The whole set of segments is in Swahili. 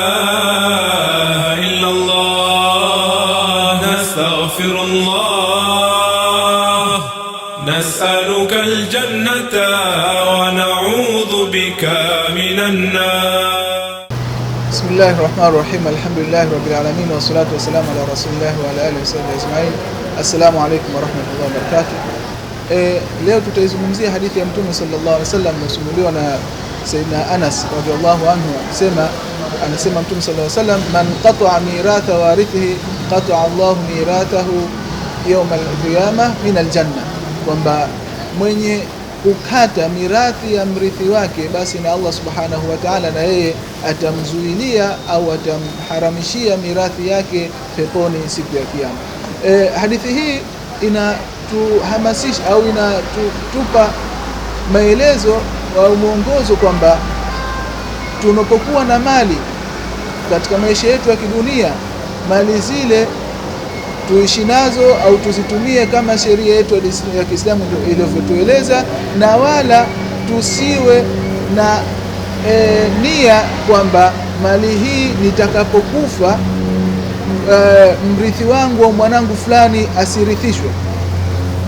إلا الله نستغفر الله نسألك الجنة ونعوذ بك من النار بسم الله الرحمن الرحيم الحمد لله رب العالمين والصلاة والسلام على رسول الله وعلى آله وصحبه أجمعين السلام عليكم ورحمة الله وبركاته E, leo tutaizungumzia hadithi ya Mtume sallallahu alaihi wasallam inasimuliwa na أنس Anas radhiallahu anhu akisema anasema Mtume sallallahu alayhi wasallam, man qata'a miratha warithihi qata'a Allahu mirathahu yawm al min aljanna kwamba mwenye kukata mirathi ya mrithi wake, basi na Allah subhanahu wa ta'ala na yeye atamzuilia au atamharamishia mirathi yake peponi siku ya Kiyama. E, hadithi hii inatuhamasisha au inatupa maelezo au mwongozo kwamba tunapokuwa na mali katika maisha yetu ya kidunia, mali zile tuishi nazo au tuzitumie kama sheria yetu ya Kiislamu ilivyotueleza, na wala tusiwe na e, nia kwamba mali hii nitakapokufa e, mrithi wangu au mwanangu fulani asirithishwe,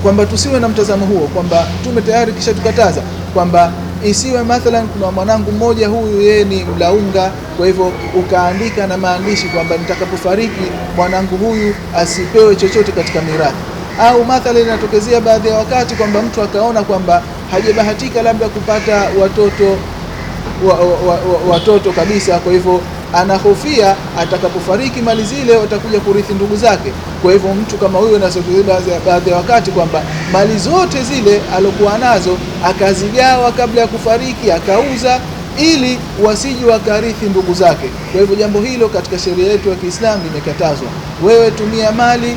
kwamba tusiwe na mtazamo huo, kwamba tume tayari kisha tukataza kwamba Isiwe mathalan kuna mwanangu mmoja huyu yeye ni mlaunga, kwa hivyo ukaandika na maandishi kwamba nitakapofariki mwanangu huyu asipewe chochote katika mirathi. Au mathalan inatokezea baadhi ya wakati kwamba mtu akaona kwamba hajabahatika labda kupata watoto wa, wa, wa, wa, watoto kabisa, kwa hivyo anahofia atakapofariki mali zile watakuja kurithi ndugu zake. Kwa hivyo mtu kama huyo nasema baadhi ya wakati kwamba mali zote zile alokuwa nazo akazigawa kabla ya kufariki, akauza ili wasiji wakarithi ndugu zake. Kwa hivyo jambo hilo katika sheria yetu ya Kiislamu limekatazwa. Wewe tumia mali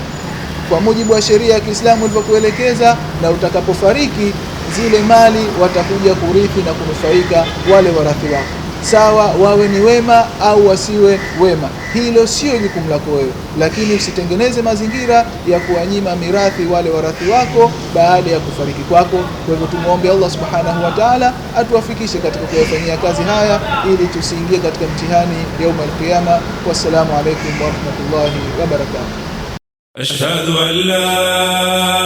kwa mujibu wa sheria ya Kiislamu ilivyokuelekeza, na utakapofariki zile mali watakuja kurithi na kunufaika wale warathi wako sawa, wawe ni wema au wasiwe wema, hilo sio jukumu lako wewe, lakini usitengeneze mazingira ya kuwanyima mirathi wale warathi wako baada ya kufariki kwako. Kwa hivyo tumwombe Allah subhanahu wa ta'ala atuwafikishe katika kuyafanyia kazi haya, ili tusiingie katika mtihani yaumul qiyama. Wassalamu alaikum warahmatullahi wabarakatuh. ashhadu an la